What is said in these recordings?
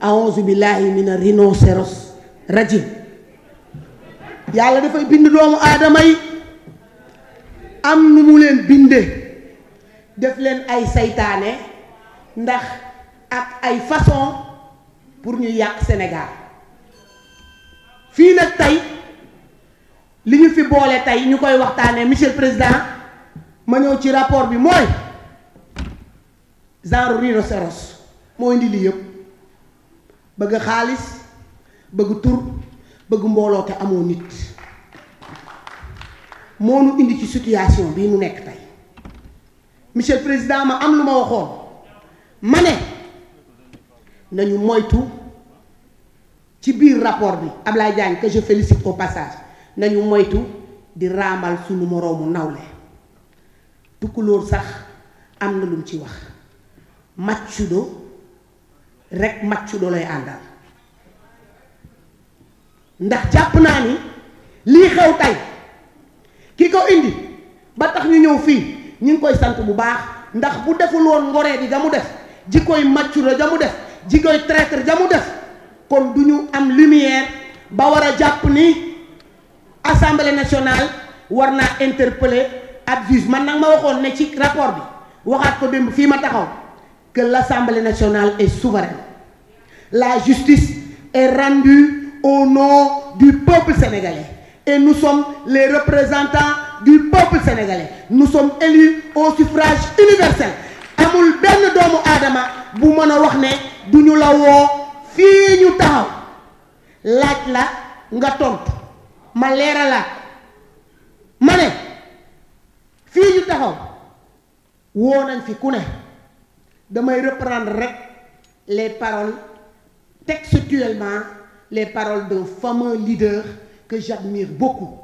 aouzu billahi mina rhinocéros rajim yàlla dafay bind doomu aadama yi am nu mu leen binde def leen ay seytaane ndax ak ay façon pour ñu yàq senegal fii nag tey li ñu fi boole tey ñu koy waxtaanee monsieur président ma ñëw ci rapport bi mooy genre rhinocéros moo indi lii yëpp bëgg xaalis bëgg tur bëgg mbooloo te amoo nit moo nu indi ci situation bii mu nekk tey monsieur président ma am lu ma waxoon ma ne nañu moytu ci biir rapport bi Ablaye Diagne que je félicite au nañu moytu di raamal suñu moroomu nawle tukkulóor sax am na lum ci wax maccudo rek maccu doo lay àndal ndax jàpp naa ni lii xew tey ki ko indi ba tax ñu ñëw fii ñu ngi koy sant bu baax ndax bu deful woon ngoree di ga mu def ji koy maccu la ja mu def ji koy traître ja mu def kon du ñu am lumière ba war a jàpp ni assemblée nationale war naa interpeller ak juge man nag ma waxoon ne ci rapport bi waxaat ko démb fii ma taxaw que l'Assemblée nationale est souveraine. La justice est rendue au nom du peuple sénégalais. Et nous sommes les représentants du peuple sénégalais. Nous sommes élus au suffrage universel. amul benn doomu aadama bu mën a wax ne du ñu la woo fii ñu taxaw laaj la nga tontu ma leeralaat ma ne fii ñu taxaw woo nañ fi ku ne damay reprendre rek les paroles textuellement les paroles de fameux leader que j'admire beaucoup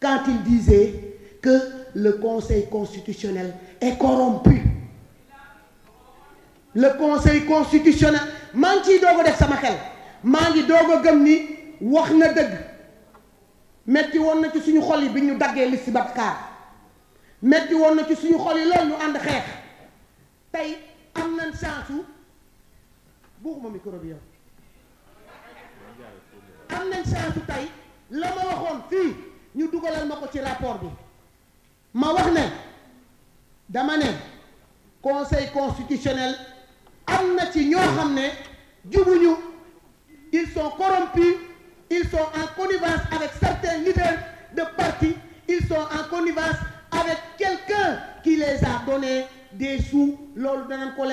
quand il disait que le Conseil constitutionnel est corrompu le Conseil constitutionnel maa ngi ciy doog def sama xel maa ngi doog a gëm ni wax na dëgg metti woon na ci suñu xol yi bi ñu daggee li si Bakar metti woon na ci suñu xol yi loolu ñu ànd xeex chance su buuxuma micro am nañ chance su tey la ma waxoon fii ñu dugalal ma ko ci rapport bi ma wax ne dama ne conseil constitutionnel am na ci ñoo xam ne jubuñu ils sont corrompus ils sont en connivence avec certains leaders de parti ils sont en connivence avec quelqu'un qui les a donné des sous loolu danañ ko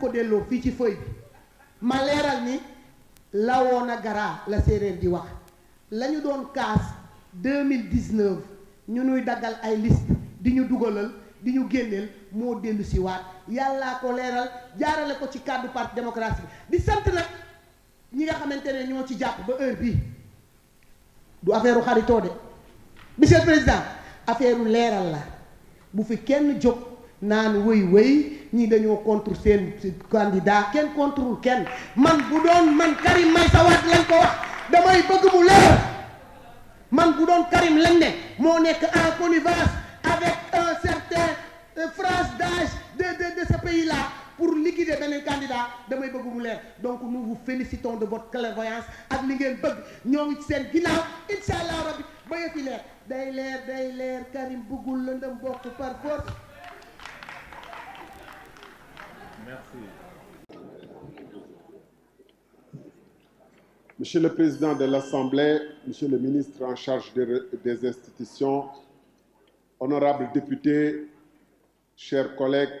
ko delloo fii ci feuille bi ma leeral ni lawoon a garaa la séeréer di wax la ñu doon kaas 2019 ñu nuy daggal ay liste di ñu dugalal di ñu génneel moo dellu si waat yàllaa ko leeral jaarale ko ci cadre parti démocratie bi di sant nag ñi nga xamante ne ñoo ci jàpp ba heure bi du affaire xaritoo de monsieur le président affaire leeral la bu fi kenn jóg naan wëy wëy ñi dañoo contre seen candidat kenn contrewul kenn man bu doon man Karim Meïssa Wade lañ ko wax damay bëgg mu leer man bu doon Karim lañ ne moo nekk en connivence avec un certain euh, France d'âge de de de ce pays là pour liquider beneen candidat damay bëgg mu leer donc nous vous félicitons de votre clairvoyance ak li ngeen bëgg ñoo ngi seen ginnaaw incha allah rabbi ba yëfi leer day leer day leer Karim bëggul lëndëm bokk par force Monsieur le Président de l'Assemblée, Monsieur le ministre en charge des institutions, honorables députés, chers collègues,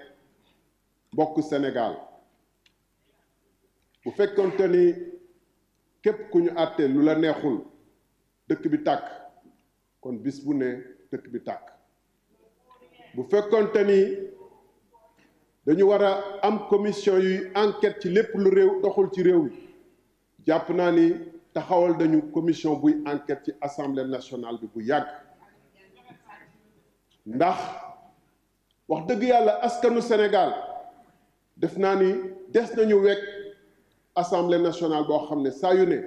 mbokku Sénégal bu fekkonte ni képp ku ñu àtte lu la neexul dëkk bi tàkk kon bis bu ne dëkk bi tàkk bu fekkonte dañu war a am commission yuy enquête ci lépp lu réew doxul ci réew mi jàpp naa ni taxawal dañu commission buy enquête ci assemblée nationale bi bu yàgg ndax wax dëgg yàlla askanu Sénégal def naa ni des nañu wekk assemblée nationale boo xam ne saa yu ne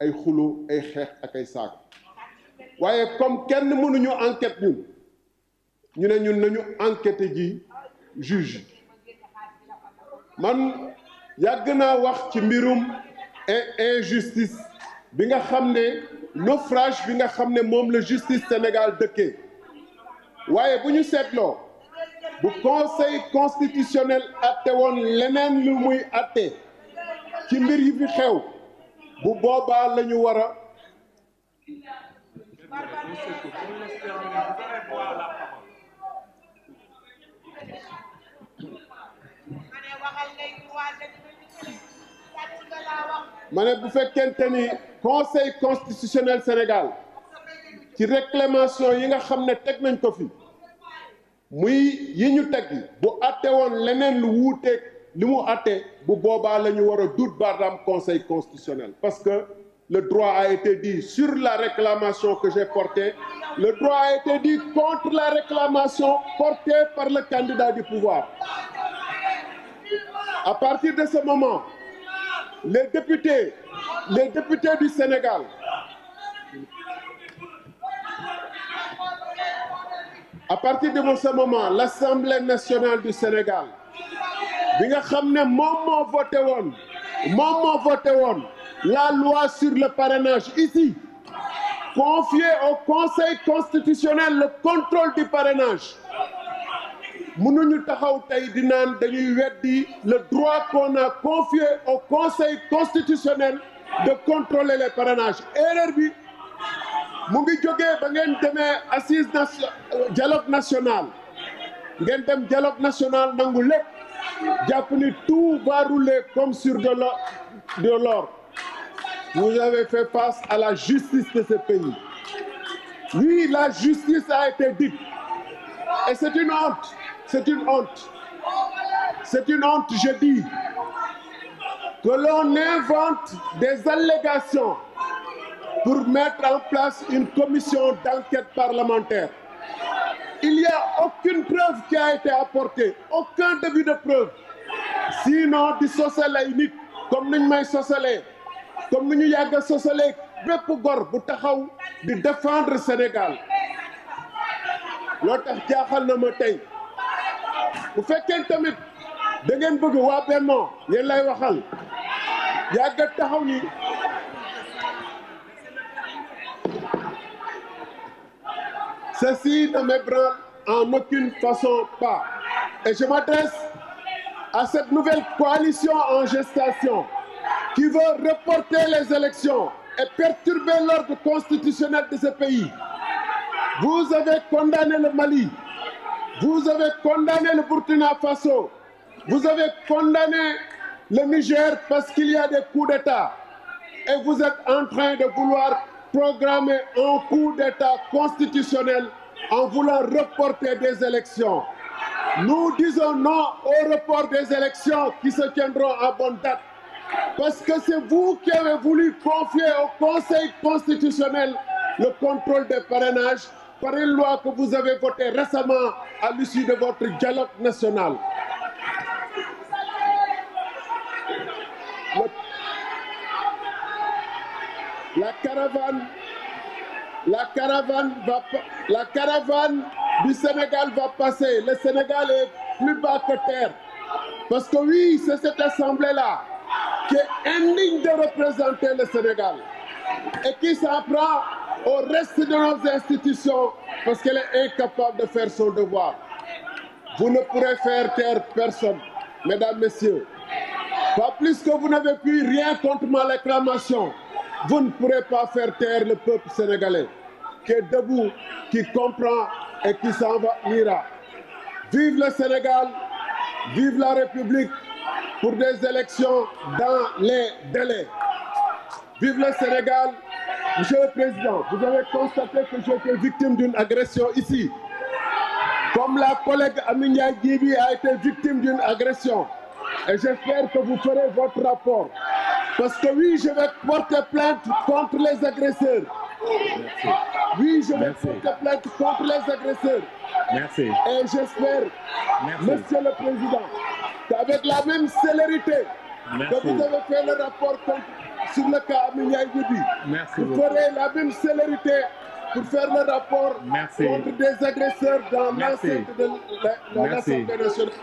ay xuloo ay xeex ak ay saaga waaye comme kenn mënuñu enquête ñun ñu ne ñu nañu enquête ji juge man yàgg naa wax ci mbirum injustice bi nga xam ne naufrage bi nga xam ne moom la justice Sénégal dëkkee waaye bu ñu seetloo bu conseil constitutionnel atte woon leneen lu muy atte ci mbir yi fi xew bu boobaa la ñu war a ma ne bu fekkente ni conseil constitutionnel Sénégal ci réclamation yi nga xam ne teg nañ ko fi muy yi ñu teg bu àtte woon leneen lu wuuteeg li mu àtte bu boobaa lañu ñu war a dut baaraam conseil constitutionnel parce que le droit a été dit sur la réclamation que j'ai portée le droit a été dit contre la réclamation portée par le candidat du pouvoir À partir de ce moment, les députés, les députés du Sénégal, à partir de ce moment, l'Assemblée nationale du Sénégal, bi nga xam ne moom moo voté woon moom moo voté woon la loi sur le parrainage ici confier au Conseil constitutionnel le contrôle du parrainage mënuñu taxaw tey di naan dañuy weddi le droit qu'on a confié au conseil constitutionnel de contrôler les parrainages erreur bi mu ngi jóge ba ngeen demee assise dialogue national ngeen dem dialogue national nangu lépp jàpp ni tout va rouler comme sur de l'or de l'or vous avez fait face à la justice de ce pays oui la justice a été dite et c'est C'est une honte. C'est une honte, je dis, que l'on invente des allégations pour mettre en place une commission d'enquête parlementaire. Il n'y a aucune preuve qui a été apportée, aucun début de preuve. Sinon, di sosalee nit comme ni ñu may comme ni ñu yàgg a sosalee gor bu taxaw di défendre Sénégal loo tax jaaxal na ma tey. bu fekkee tamit da ngeen bëgg waa Benno yéen lay waxal yàgg taxaw ni ceci ne m'ébranle en aucune façon pas et je m'adresse à cette nouvelle coalition en gestation qui veut reporter les élections et perturber l'ordre constitutionnel de ce pays vous avez condamné le Mali Vous avez condamné le Burkina Faso. Vous avez condamné le Niger parce qu'il y a des coups d'État. Et vous êtes en train de vouloir programmer un coup d'État constitutionnel en voulant reporter des élections. Nous disons non au report des élections qui se tiendront à bonne date. Parce que c'est vous qui avez voulu confier au Conseil constitutionnel le contrôle des parrainages par une loi que vous avez votée récemment à l'issue de votre dialogue national. La caravane, du Sénégal va passer. Le Sénégal est plus bas que terre. Parce que oui, c'est cette assemblée-là qui est indigne de représenter le Sénégal et qui s'en prend au reste de nos institutions parce qu'elle est incapable de faire son devoir. Vous ne pourrez faire taire personne, mesdames, messieurs. Pas plus que vous n'avez pu rien contre ma réclamation, vous ne pourrez pas faire taire le peuple sénégalais qui est debout, qui comprend et qui s'en va ira. Vive le Sénégal, vive la République pour des élections dans les délais. Vive le Sénégal, Monsieur le Président, vous avez constaté que j'étais victime d'une agression ici. Comme la collègue Aminia Gibi a été victime d'une agression. Et j'espère que vous ferez votre rapport. Parce que oui, je vais porter plainte contre les agresseurs. Oui, je vais porter plainte contre les agresseurs. Et j'espère, Monsieur le Président, qu'avec la même célérité que vous avez fait le rapport contre sur le cas Aminia Goudi. Merci vous ferez la même célérité pour faire le rapport Merci. des agresseurs dans l'enceinte de l'Assemblée nationale.